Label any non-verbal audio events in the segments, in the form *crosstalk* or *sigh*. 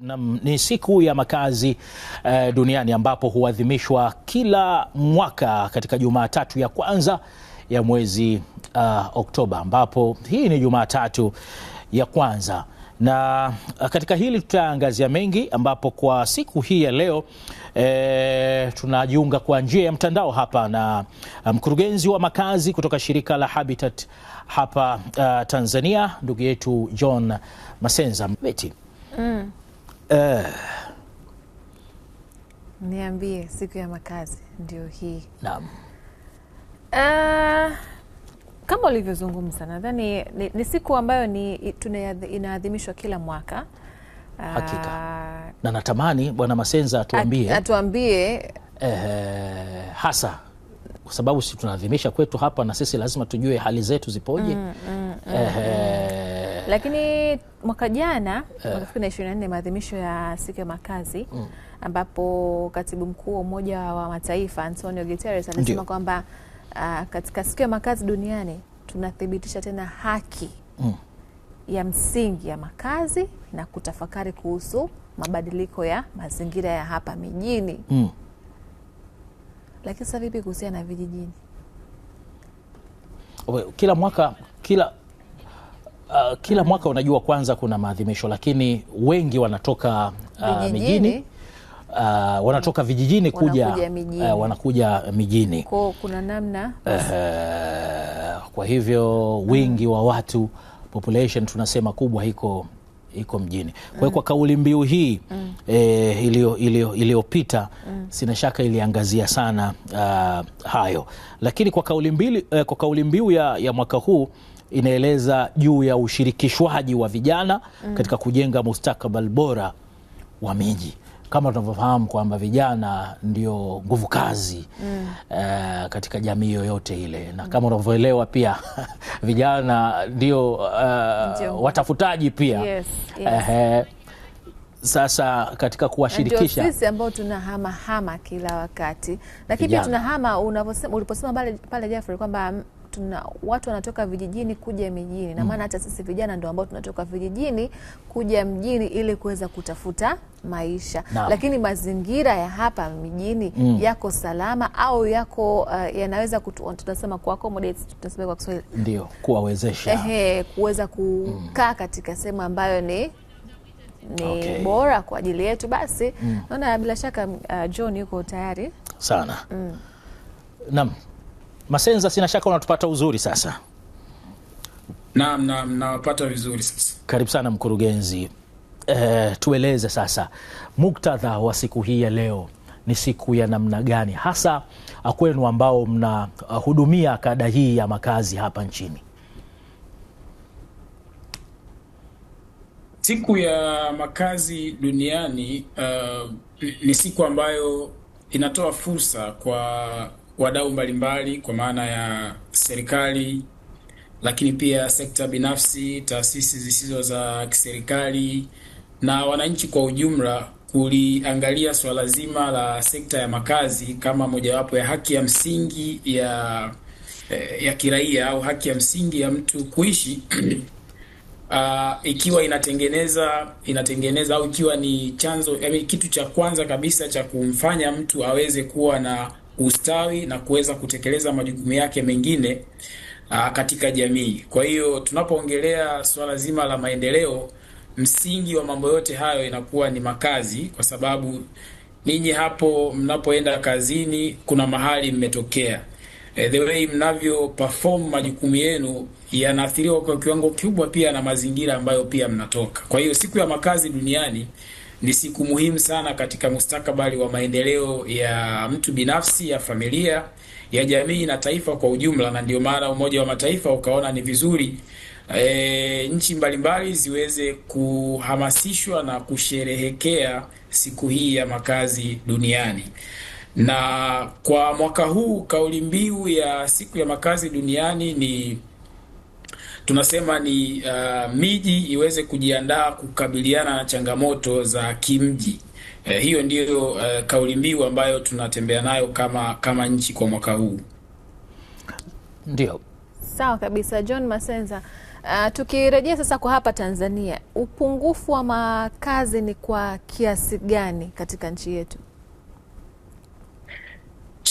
na, ni siku ya makazi eh, duniani ambapo huadhimishwa kila mwaka katika Jumatatu ya kwanza ya mwezi uh, Oktoba, ambapo hii ni Jumatatu ya kwanza na ah, katika hili tutaangazia mengi, ambapo kwa siku hii ya leo e, tunajiunga kwa njia ya mtandao hapa na ah, mkurugenzi wa makazi kutoka shirika la Habitat hapa uh, Tanzania, ndugu yetu John Masenza Beti. Mm. Eh. Niambie, siku ya makazi ndio hii. Naam. Uh, kama ulivyozungumza nadhani ni, ni siku ambayo ni inaadhimishwa kila mwaka. Uh, Hakika. Eh, na natamani Bwana Masenza atuambie. Atuambie eh, hasa kwa sababu si tunaadhimisha kwetu hapa na sisi lazima tujue hali zetu zipoje. Mm, mm, mm, eh, mm. Lakini mwaka jana eh. na ishirini na maadhimisho ya siku ya makazi mm. ambapo katibu mkuu wa Umoja wa Mataifa Antonio Guterres anasema kwamba uh, katika siku ya makazi duniani tunathibitisha tena haki mm. ya msingi ya makazi na kutafakari kuhusu mabadiliko ya mazingira ya hapa mijini mm. Lakini sasa vipi kuhusiana na vijijini? Kila mwaka kila uh, kila mwaka unajua, kwanza kuna maadhimisho, lakini wengi wanatoka uh, mijini Uh, wanatoka vijijini kuja wanakuja mijini, uh, Kwa, kuna namna uh, kwa hivyo wingi wa watu population tunasema kubwa iko iko mjini. Kwa hiyo mm. kwa kauli mbiu hii mm. eh, iliyopita mm. sina shaka iliangazia sana uh, hayo, lakini kwa kauli mbiu eh, kwa kauli mbiu ya, ya mwaka huu inaeleza juu ya ushirikishwaji wa vijana mm. katika kujenga mustakabali bora wa miji kama tunavyofahamu kwamba vijana ndio nguvu kazi mm. uh, katika jamii yoyote ile na kama unavyoelewa pia *laughs* vijana ndio uh, watafutaji pia yes, yes. Uh, sasa katika kuwashirikisha sisi ambao tunahamahama kila wakati, lakini pia tunahama uliposema pale Jeffrey kwamba tuna watu wanatoka vijijini kuja mijini na mm. maana mm. hata sisi vijana ndio ambao tunatoka vijijini kuja mjini ili kuweza kutafuta maisha na. Lakini mazingira ya hapa mijini mm. yako salama au yako uh, yanaweza tunasema kwa accommodate tunasema kwa Kiswahili ndio kuwawezesha ehe kuweza kukaa mm. katika sehemu ambayo ni ni okay. bora kwa ajili yetu basi mm. naona bila shaka uh, John yuko tayari sana mm. Naam. Masenza, sina shaka unatupata uzuri sasa. Naam, naam, nawapata vizuri sasa. Karibu sana mkurugenzi. Eh, tueleze sasa muktadha wa siku hii ya leo ni siku ya namna gani hasa kwenu ambao mnahudumia kada hii ya makazi hapa nchini? Siku ya makazi duniani uh, ni siku ambayo inatoa fursa kwa wadau mbalimbali kwa maana ya serikali, lakini pia sekta binafsi, taasisi zisizo za kiserikali na wananchi kwa ujumla kuliangalia swala zima la sekta ya makazi kama mojawapo ya haki ya msingi ya eh, ya kiraia au haki ya msingi ya mtu kuishi uh, *clears throat* ikiwa inatengeneza inatengeneza au ikiwa ni chanzo yani kitu cha kwanza kabisa cha kumfanya mtu aweze kuwa na ustawi na kuweza kutekeleza majukumu yake mengine aa, ah, katika jamii. Kwa hiyo tunapoongelea swala zima la maendeleo, msingi wa mambo yote hayo inakuwa ni makazi, kwa sababu ninyi hapo mnapoenda kazini kuna mahali mmetokea. E, the way mnavyo perform majukumu yenu yanaathiriwa kwa kiwango kikubwa pia na mazingira ambayo pia mnatoka. Kwa hiyo siku ya makazi duniani ni siku muhimu sana katika mustakabali wa maendeleo ya mtu binafsi, ya familia, ya jamii na taifa kwa ujumla, na ndio maana Umoja wa Mataifa ukaona ni vizuri e, nchi mbalimbali ziweze kuhamasishwa na kusherehekea siku hii ya makazi duniani. Na kwa mwaka huu kauli mbiu ya siku ya makazi duniani ni tunasema ni uh, miji iweze kujiandaa kukabiliana na changamoto za kimji. Eh, hiyo ndiyo uh, kauli mbiu ambayo tunatembea nayo kama, kama nchi kwa mwaka huu. Ndio, sawa kabisa John Masenza. Uh, tukirejea sasa kwa hapa Tanzania, upungufu wa makazi ni kwa kiasi gani katika nchi yetu?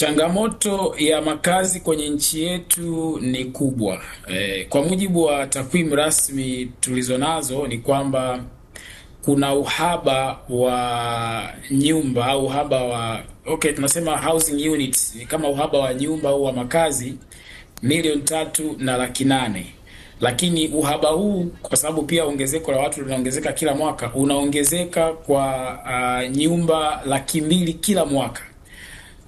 Changamoto ya makazi kwenye nchi yetu ni kubwa. E, kwa mujibu wa takwimu rasmi tulizonazo ni kwamba kuna uhaba wa nyumba au uhaba wa okay, tunasema housing units kama uhaba wa nyumba au wa makazi milioni tatu na laki nane lakini uhaba huu kwa sababu pia ongezeko la watu linaongezeka kila mwaka unaongezeka kwa uh, nyumba laki mbili kila mwaka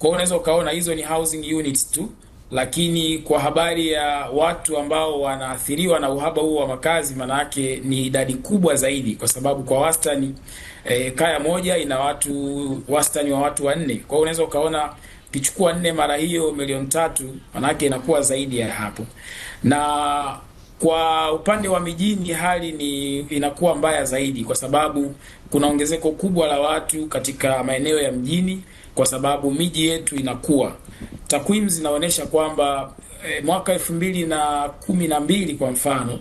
kwa hiyo unaweza ukaona hizo ni housing units tu, lakini kwa habari ya watu ambao wanaathiriwa na uhaba huo wa makazi, maanayake ni idadi kubwa zaidi, kwa sababu kwa wastani e, kaya moja ina watu wastani wa watu wanne. Kwa hiyo unaweza ukaona kichukua nne mara hiyo milioni tatu, manake inakuwa zaidi ya hapo. Na kwa upande wa mijini hali ni inakuwa mbaya zaidi, kwa sababu kuna ongezeko kubwa la watu katika maeneo ya mjini kwa sababu miji yetu inakuwa. Takwimu zinaonyesha kwamba e, mwaka elfu mbili na kumi na mbili kwa mfano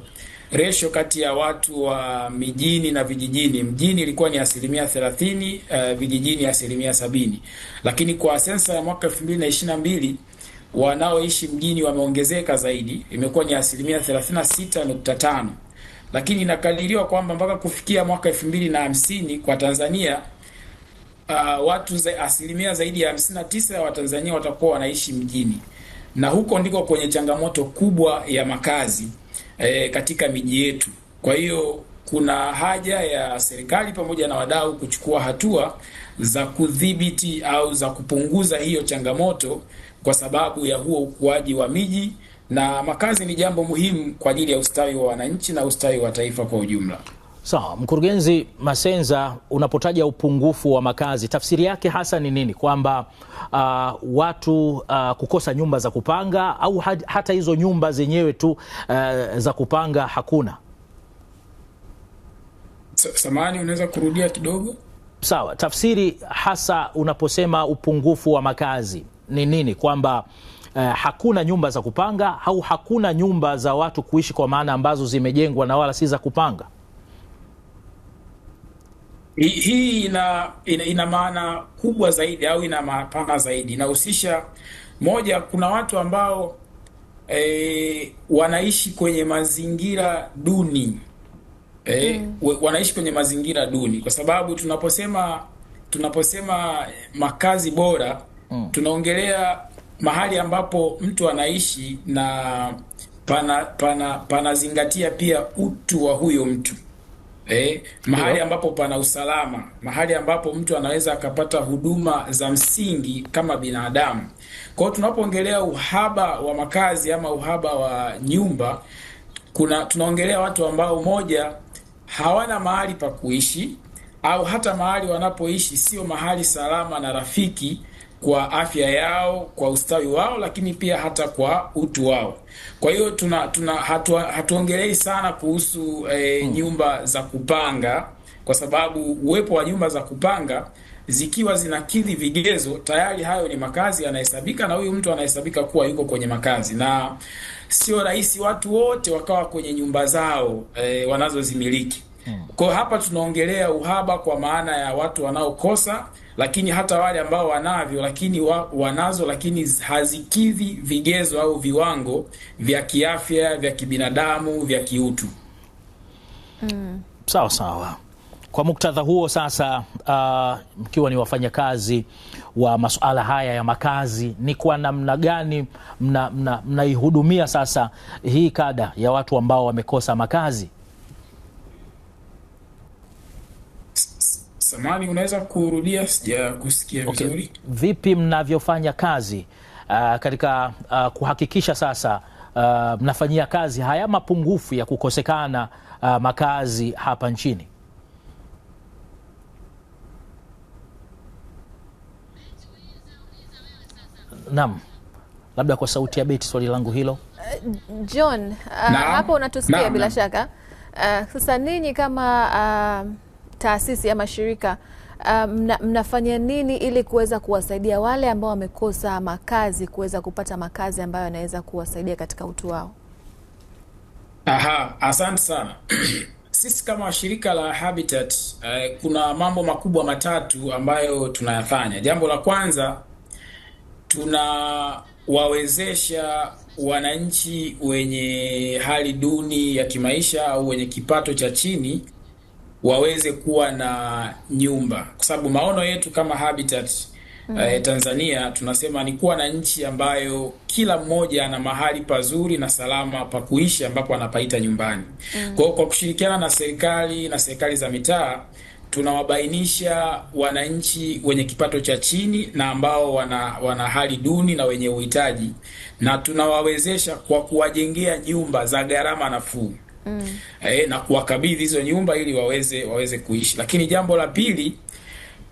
resho kati ya watu wa mijini na vijijini, mjini ilikuwa ni asilimia thelathini, uh, vijijini asilimia sabini, lakini kwa sensa ya mwaka elfu mbili na ishirini na mbili wanaoishi mjini wameongezeka zaidi, imekuwa ni asilimia thelathini na sita nukta tano, lakini inakadiriwa kwamba mpaka kufikia mwaka elfu mbili na hamsini kwa Tanzania uh, watu za, asilimia zaidi ya 59 ya Watanzania watakuwa wanaishi mjini na huko ndiko kwenye changamoto kubwa ya makazi eh, katika miji yetu. Kwa hiyo kuna haja ya serikali pamoja na wadau kuchukua hatua za kudhibiti au za kupunguza hiyo changamoto kwa sababu ya huo ukuaji wa miji na makazi ni jambo muhimu kwa ajili ya ustawi wa wananchi na ustawi wa taifa kwa ujumla. Sawa, mkurugenzi Masenza, unapotaja upungufu wa makazi tafsiri yake hasa ni nini? Kwamba uh, watu uh, kukosa nyumba za kupanga au hata hizo nyumba zenyewe tu uh, za kupanga hakuna? Samahani, unaweza kurudia kidogo? Sawa, tafsiri hasa unaposema upungufu wa makazi ni nini? Kwamba Uh, hakuna nyumba za kupanga au hakuna nyumba za watu kuishi kwa maana ambazo zimejengwa na wala si za kupanga? Hii ina, ina, ina maana kubwa zaidi au ina mapana zaidi. Inahusisha moja, kuna watu ambao e, wanaishi kwenye mazingira duni e, mm. wanaishi kwenye mazingira duni kwa sababu tunaposema tunaposema makazi bora mm. tunaongelea mahali ambapo mtu anaishi na pana pana panazingatia pia utu wa huyo mtu eh, mahali ambapo pana usalama, mahali ambapo mtu anaweza akapata huduma za msingi kama binadamu. Kwa hiyo tunapoongelea uhaba wa makazi ama uhaba wa nyumba, kuna tunaongelea watu ambao moja hawana mahali pa kuishi au hata mahali wanapoishi sio mahali salama na rafiki kwa afya yao, kwa ustawi wao, lakini pia hata kwa utu wao. Kwa hiyo tuna, tuna hatuongelei hatu sana kuhusu eh, hmm. nyumba za kupanga kwa sababu uwepo wa nyumba za kupanga zikiwa zinakidhi vigezo tayari, hayo ni makazi yanahesabika, na huyu mtu anahesabika kuwa yuko kwenye makazi, na sio rahisi watu wote wakawa kwenye nyumba zao e, wanazozimiliki. Hmm. Kwa hapa tunaongelea uhaba kwa maana ya watu wanaokosa lakini hata wale ambao wanavyo lakini wa, wanazo lakini hazikidhi vigezo au viwango vya kiafya vya kibinadamu vya kiutu. Mm. Sawa sawa. Kwa muktadha huo sasa, uh, mkiwa ni wafanyakazi wa masuala haya ya makazi, ni kwa namna gani mnaihudumia mna, mna sasa hii kada ya watu ambao wamekosa makazi? Samani, unaweza kurudia? sija okay, vizuri. Vipi mnavyofanya kazi uh, katika uh, kuhakikisha sasa uh, mnafanyia kazi haya mapungufu ya kukosekana uh, makazi hapa nchini? Naam, labda kwa sauti ya Beti swali langu hilo. Uh, John, uh, hapo unatusikia bila shaka. Uh, sasa ninyi kama uh, taasisi ama shirika uh, mna, mnafanya nini ili kuweza kuwasaidia wale ambao wamekosa makazi kuweza kupata makazi ambayo yanaweza kuwasaidia katika utu wao? Aha, asante sana. *clears throat* Sisi kama shirika la Habitat eh, kuna mambo makubwa matatu ambayo tunayafanya. Jambo la kwanza tunawawezesha wananchi wenye hali duni ya kimaisha au wenye kipato cha chini waweze kuwa na nyumba, kwa sababu maono yetu kama Habitat mm. eh, Tanzania tunasema ni kuwa na nchi ambayo kila mmoja ana mahali pazuri na salama pa kuishi ambapo anapaita nyumbani mm. Kwa, kwa kushirikiana na serikali na serikali za mitaa tunawabainisha wananchi wenye kipato cha chini na ambao wana, wana hali duni na wenye uhitaji, na tunawawezesha kwa kuwajengea nyumba za gharama nafuu mm. e, na kuwakabidhi hizo nyumba ili waweze waweze kuishi. Lakini jambo la pili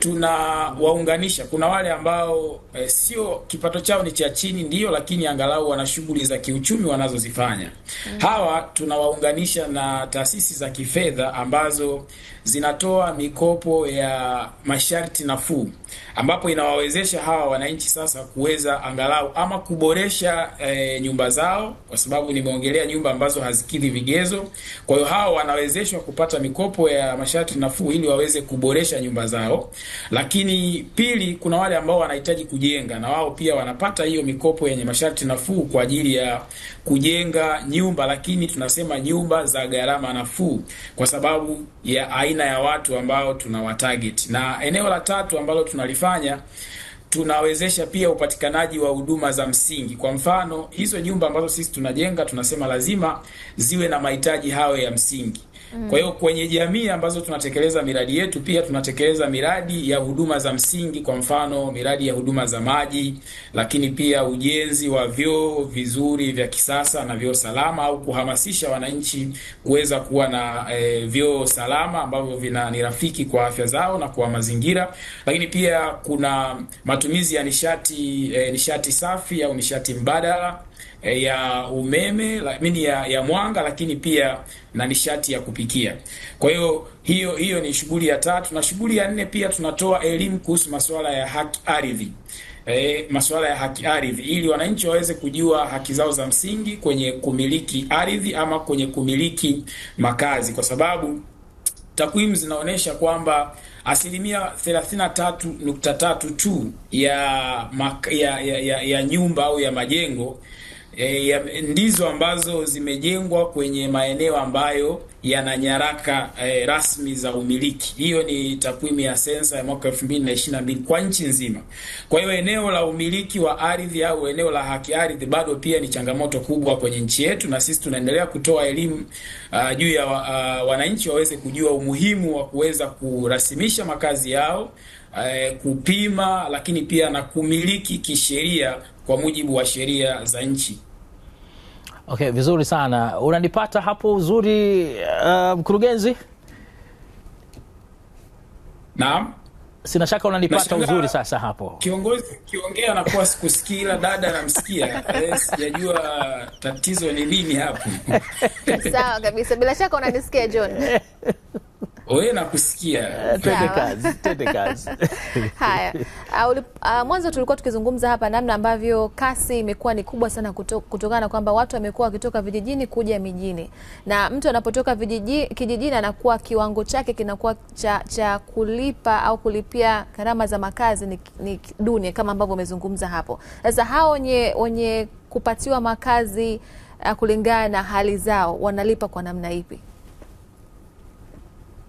tunawaunganisha. Kuna wale ambao e, sio kipato chao ni cha chini ndio, lakini angalau wana shughuli za kiuchumi wanazozifanya. Mm. Hawa tunawaunganisha na taasisi za kifedha ambazo zinatoa mikopo ya masharti nafuu, ambapo inawawezesha hawa wananchi sasa kuweza angalau ama kuboresha e, nyumba zao, kwa sababu nimeongelea nyumba ambazo hazikidhi vigezo. Kwa hiyo hawa wanawezeshwa kupata mikopo ya masharti nafuu ili waweze kuboresha nyumba zao lakini pili, kuna wale ambao wanahitaji kujenga na wao pia wanapata hiyo mikopo yenye masharti nafuu kwa ajili ya kujenga nyumba, lakini tunasema nyumba za gharama nafuu kwa sababu ya aina ya watu ambao tunawatarget. Na eneo la tatu ambalo tunalifanya tunawezesha pia upatikanaji wa huduma za msingi. Kwa mfano, hizo nyumba ambazo sisi tunajenga tunasema lazima ziwe na mahitaji hayo ya msingi. Mm. Kwa hiyo kwenye jamii ambazo tunatekeleza miradi yetu, pia tunatekeleza miradi ya huduma za msingi, kwa mfano miradi ya huduma za maji, lakini pia ujenzi wa vyoo vizuri vya kisasa na vyoo salama, au kuhamasisha wananchi kuweza kuwa na e, vyoo salama ambavyo vina ni rafiki kwa afya zao na kwa mazingira. Lakini pia kuna matumizi ya nishati e, nishati safi au nishati mbadala Eh, ya umeme lakini ya, ya mwanga lakini pia na nishati ya kupikia. Kwa hiyo hiyo hiyo ni shughuli ya tatu, na shughuli ya nne pia tunatoa elimu kuhusu masuala ya haki ardhi. E, eh, masuala ya haki ardhi ili wananchi waweze kujua haki zao za msingi kwenye kumiliki ardhi ama kwenye kumiliki makazi kwa sababu takwimu zinaonyesha kwamba asilimia 33.3 tu ya, ya, ya, ya, ya nyumba au ya majengo e, ndizo ambazo zimejengwa kwenye maeneo ambayo yana nyaraka e, rasmi za umiliki. Hiyo ni takwimu ya sensa ya mwaka 2022 kwa nchi nzima. Kwa hiyo eneo la umiliki wa ardhi au eneo la haki ardhi bado pia ni changamoto kubwa kwenye nchi yetu, na sisi tunaendelea kutoa elimu uh, juu ya uh, wananchi waweze kujua umuhimu wa kuweza kurasimisha makazi yao uh, kupima, lakini pia na kumiliki kisheria kwa mujibu wa sheria za nchi. Okay, vizuri sana. Unanipata hapo uzuri, uh, mkurugenzi? Naam. Sina shaka unanipata uzuri sasa hapo. Kiongozi kiongea anakuwa sikusikii ila dada anamsikia. Eh, sijajua tatizo ni nini hapo. *laughs* Sawa kabisa. Bila shaka unanisikia John. *laughs* Wewe nakusikia. Tende kazi, tende kazi. *laughs* Haya. Uh, uh, mwanzo tulikuwa tukizungumza hapa namna ambavyo kasi imekuwa ni kubwa sana kuto, kutokana na kwamba watu wamekuwa wakitoka vijijini kuja mijini. Na mtu anapotoka vijiji, kijijini anakuwa kiwango chake kinakuwa cha, cha kulipa au kulipia gharama za makazi ni, ni duni kama ambavyo umezungumza hapo. Sasa hao wenye wenye kupatiwa makazi uh, kulingana na hali zao wanalipa kwa namna ipi?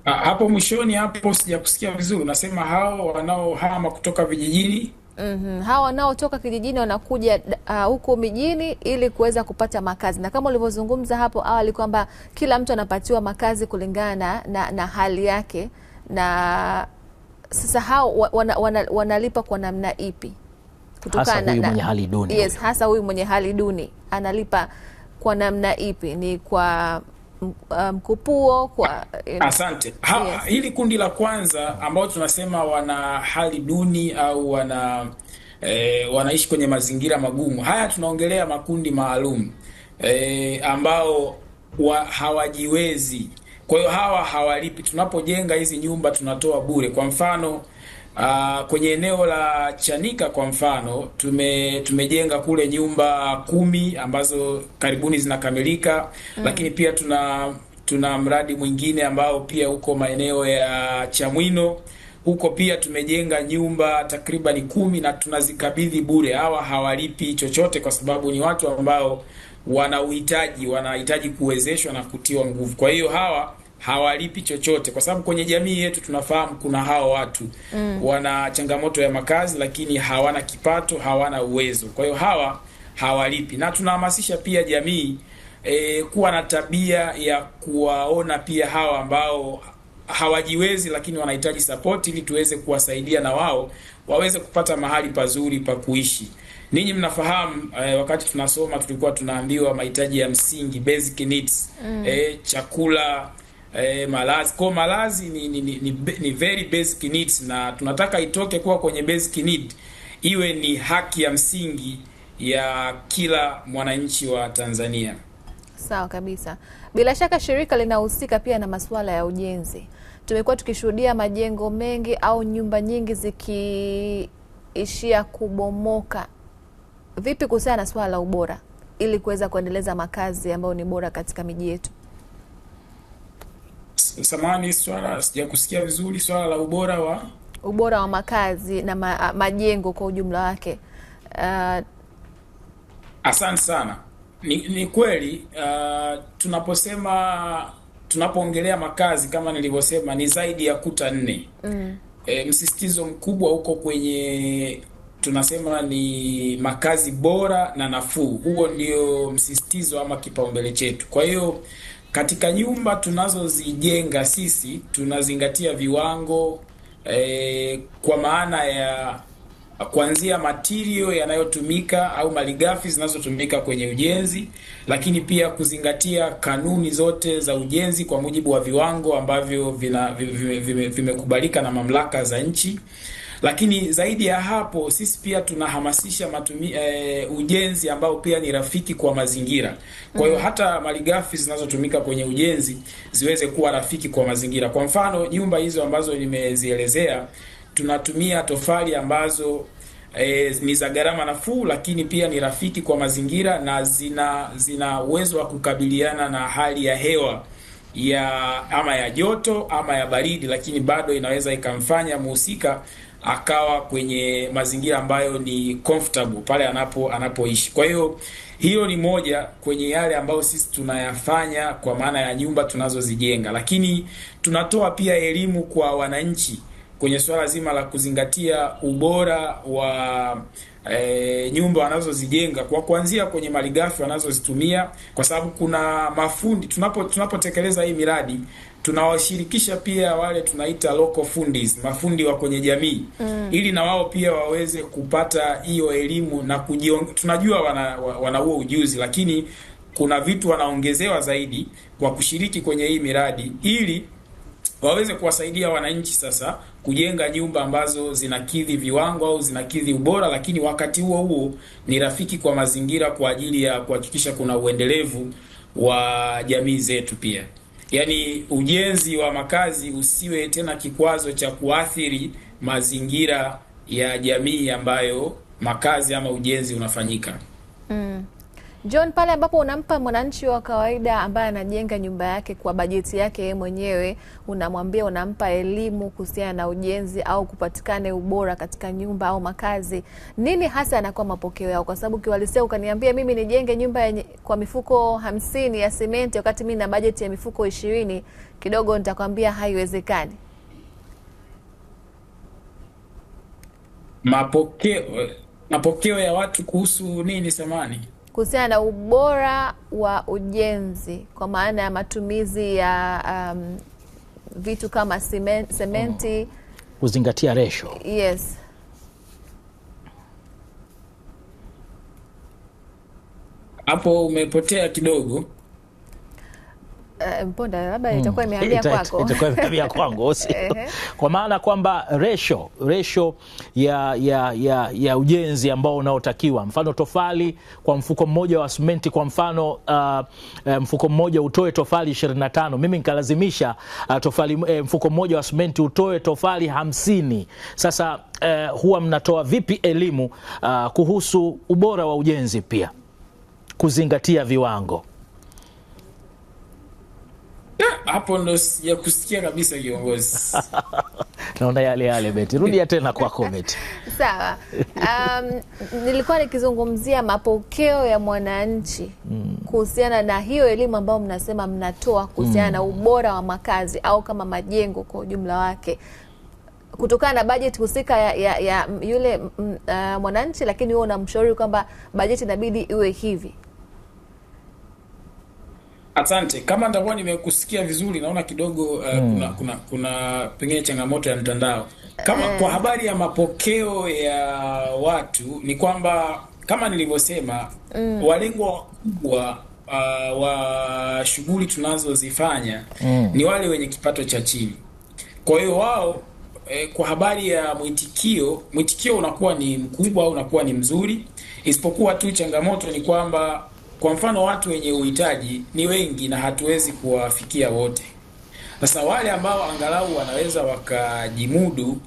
Ha, ah, hapo mwishoni hapo sijakusikia vizuri. Unasema hao wanaohama kutoka vijijini? Mm -hmm. Hawa wanaotoka kijijini wanakuja ah, huko mijini ili kuweza kupata makazi, na kama ulivyozungumza hapo awali kwamba kila mtu anapatiwa makazi kulingana na, na hali yake, na sasa hao wana, wana, wanalipa kwa namna ipi? Kutokana na mwenye hali duni. Yes, hasa huyu mwenye hali duni analipa kwa namna ipi? Ni kwa mkupuo um, kwa um, asante ha, yes. Hili kundi la kwanza ambao tunasema wana hali duni au wana e, wanaishi kwenye mazingira magumu haya, tunaongelea makundi maalum e, ambao wa, hawajiwezi. Kwa hiyo hawa hawalipi, tunapojenga hizi nyumba tunatoa bure, kwa mfano Uh, kwenye eneo la Chanika kwa mfano tume, tumejenga kule nyumba kumi ambazo karibuni zinakamilika mm. Lakini pia tuna tuna mradi mwingine ambao pia uko maeneo ya Chamwino huko pia tumejenga nyumba takribani kumi na tunazikabidhi bure. Hawa hawalipi chochote kwa sababu ni watu ambao wana uhitaji, wanahitaji kuwezeshwa na kutiwa nguvu. Kwa hiyo hawa hawalipi chochote, kwa sababu kwenye jamii yetu tunafahamu kuna hao watu mm. wana changamoto ya makazi, lakini hawana kipato, hawana uwezo. Kwa hiyo hawa hawalipi, na tunahamasisha pia jamii e, kuwa na tabia ya kuwaona pia hawa ambao hawajiwezi lakini wanahitaji sapoti ili tuweze kuwasaidia na wao waweze kupata mahali pazuri pa kuishi. Ninyi mnafahamu eh, wakati tunasoma tulikuwa tunaambiwa mahitaji ya msingi basic needs mm. eh, chakula, eh, malazi kwa malazi ni, ni, ni, ni, ni very basic needs, na tunataka itoke kuwa kwenye basic need iwe ni haki ya msingi ya kila mwananchi wa Tanzania. Sawa kabisa. Bila shaka shirika linahusika pia na masuala ya ujenzi. Tumekuwa tukishuhudia majengo mengi au nyumba nyingi zikiishia kubomoka. Vipi kuhusiana na swala la ubora ili kuweza kuendeleza makazi ambayo ni bora katika miji yetu? samani, swala kusikia vizuri, swala la ubora wa ubora wa makazi na ma, majengo kwa ujumla wake. Uh... asante sana. Ni, ni kweli uh, tunaposema tunapoongelea makazi kama nilivyosema ni zaidi ya kuta nne mm. E, msisitizo mkubwa huko kwenye tunasema ni makazi bora na nafuu. Huo ndio msisitizo ama kipaumbele chetu. Kwa hiyo katika nyumba tunazozijenga sisi tunazingatia viwango e, kwa maana ya kuanzia matirio yanayotumika au malighafi zinazotumika kwenye ujenzi, lakini pia kuzingatia kanuni zote za ujenzi kwa mujibu wa viwango ambavyo vimekubalika vime, vime, vime na mamlaka za nchi. Lakini zaidi ya hapo, sisi pia tunahamasisha matumi, e, ujenzi ambao pia ni rafiki kwa mazingira. Kwa hiyo mm-hmm. hata malighafi zinazotumika kwenye ujenzi ziweze kuwa rafiki kwa mazingira. Kwa mfano, nyumba hizo ambazo nimezielezea tunatumia tofali ambazo E, ni za gharama nafuu lakini pia ni rafiki kwa mazingira na zina zina uwezo wa kukabiliana na hali ya hewa ya ama ya joto ama ya baridi, lakini bado inaweza ikamfanya mhusika akawa kwenye mazingira ambayo ni comfortable pale anapo anapoishi. Kwa hiyo hiyo ni moja kwenye yale ambayo sisi tunayafanya kwa maana ya nyumba tunazozijenga, lakini tunatoa pia elimu kwa wananchi kwenye swala zima la kuzingatia ubora wa e, nyumba wanazozijenga kwa kuanzia kwenye malighafi wanazozitumia, kwa sababu kuna mafundi. Tunapo tunapotekeleza hii miradi tunawashirikisha pia wale tunaita local fundis, mafundi wa kwenye jamii mm, ili na wao pia waweze kupata hiyo elimu na kujion, tunajua wana wana huo ujuzi, lakini kuna vitu wanaongezewa zaidi kwa kushiriki kwenye hii miradi ili waweze kuwasaidia wananchi sasa kujenga nyumba ambazo zinakidhi viwango au zinakidhi ubora, lakini wakati huo huo ni rafiki kwa mazingira kwa ajili ya kuhakikisha kuna uendelevu wa jamii zetu pia. Yaani ujenzi wa makazi usiwe tena kikwazo cha kuathiri mazingira ya jamii ambayo makazi ama ujenzi unafanyika. Mm. John, pale ambapo unampa mwananchi wa kawaida ambaye anajenga nyumba yake kwa bajeti yake yeye mwenyewe, unamwambia unampa elimu kuhusiana na ujenzi au kupatikane ubora katika nyumba au makazi, nini hasa anakuwa mapokeo yao? Kwa sababu kiwalisia ukaniambia mimi nijenge nyumba yenye kwa mifuko hamsini ya simenti wakati mimi na bajeti ya mifuko ishirini, kidogo nitakwambia haiwezekani. Mapokeo mapokeo ya watu kuhusu nini samani kuhusiana na ubora wa ujenzi kwa maana ya matumizi ya um, vitu kama sementi mm-hmm. kuzingatia resho. Yes. Hapo umepotea kidogo. Eh, mponda labda hmm. itakuwa hmm, *laughs* kwako, itakuwa imehamia kwangu *laughs* kwa maana kwamba ratio ratio ya, ya, ya, ya ujenzi ambao unaotakiwa, mfano tofali kwa mfuko mmoja wa simenti, kwa mfano uh, eh, mfuko mmoja utoe tofali 25, mimi nikalazimisha uh, tofali uh, mfuko mmoja wa simenti utoe tofali hamsini. Sasa uh, huwa mnatoa vipi elimu uh, kuhusu ubora wa ujenzi pia kuzingatia viwango? *laughs* hapo ndo ya kusikia kabisa kiongozi. *laughs* Naona yale yale Beti, rudia tena kwako Beti. *laughs* Sawa. Um, nilikuwa nikizungumzia mapokeo ya mwananchi mm. kuhusiana na hiyo elimu ambayo mnasema mnatoa kuhusiana mm. na ubora wa makazi au kama majengo kwa ujumla wake kutokana na bajeti husika ya, ya, ya yule mm, uh, mwananchi, lakini huo unamshauri kwamba bajeti inabidi iwe hivi Asante. Kama nitakuwa nimekusikia vizuri, naona kidogo uh, mm. kuna kuna kuna pengine changamoto ya mtandao. Kama mm. kwa eh. habari ya mapokeo ya watu ni kwamba kama nilivyosema, mm. walengwa wakubwa uh, wa shughuli tunazozifanya mm. ni wale wenye kipato cha chini. Kwa hiyo wao eh, kwa habari ya mwitikio, mwitikio unakuwa ni mkubwa au unakuwa ni mzuri, isipokuwa tu changamoto ni kwamba kwa mfano, watu wenye uhitaji ni wengi na hatuwezi kuwafikia wote. Sasa wale ambao angalau wanaweza wakajimudu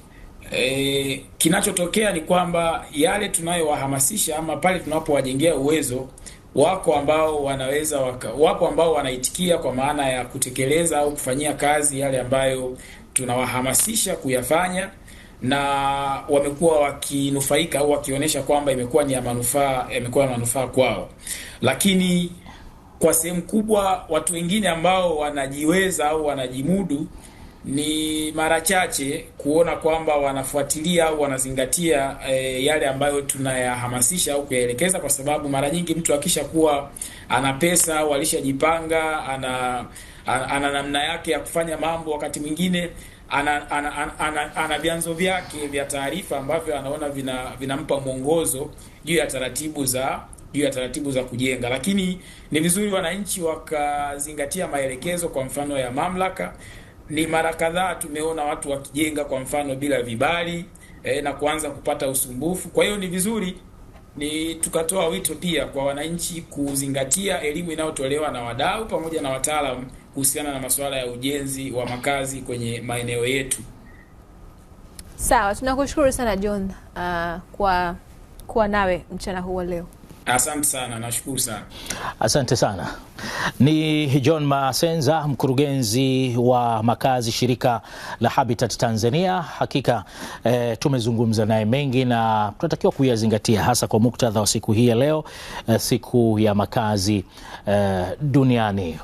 E, kinachotokea ni kwamba yale tunayowahamasisha ama pale tunapowajengea uwezo wako ambao wanaweza waka, wapo ambao wanaitikia kwa maana ya kutekeleza au kufanyia kazi yale ambayo tunawahamasisha kuyafanya na wamekuwa wakinufaika au wakionyesha kwamba imekuwa ni ya manufaa, imekuwa ya manufaa kwao, lakini kwa sehemu kubwa watu wengine ambao wanajiweza au wanajimudu ni mara chache kuona kwamba wanafuatilia au wanazingatia e, yale ambayo tunayahamasisha au kuyaelekeza, kwa sababu mara nyingi mtu akishakuwa ana pesa au alishajipanga ana ana namna yake ya kufanya mambo, wakati mwingine ana ana, ana, ana, ana vyanzo vyake vya taarifa ambavyo anaona vina vinampa mwongozo juu ya taratibu za juu ya taratibu za kujenga, lakini ni vizuri wananchi wakazingatia maelekezo, kwa mfano ya mamlaka. Ni mara kadhaa tumeona watu wakijenga kwa mfano bila vibali e, na kuanza kupata usumbufu. Kwa hiyo ni vizuri ni tukatoa wito pia kwa wananchi kuzingatia elimu inayotolewa na wadau pamoja na wataalamu kuhusiana na masuala ya ujenzi wa makazi kwenye maeneo yetu. Sawa, tunakushukuru sana John uh, kwa kuwa nawe mchana huu wa leo. Asante sana, nashukuru sana. Asante sana. Ni John Masenza, mkurugenzi wa makazi shirika la Habitat Tanzania. Hakika eh, tumezungumza naye mengi na tunatakiwa kuyazingatia hasa kwa muktadha wa siku hii ya leo eh, siku ya makazi eh, duniani.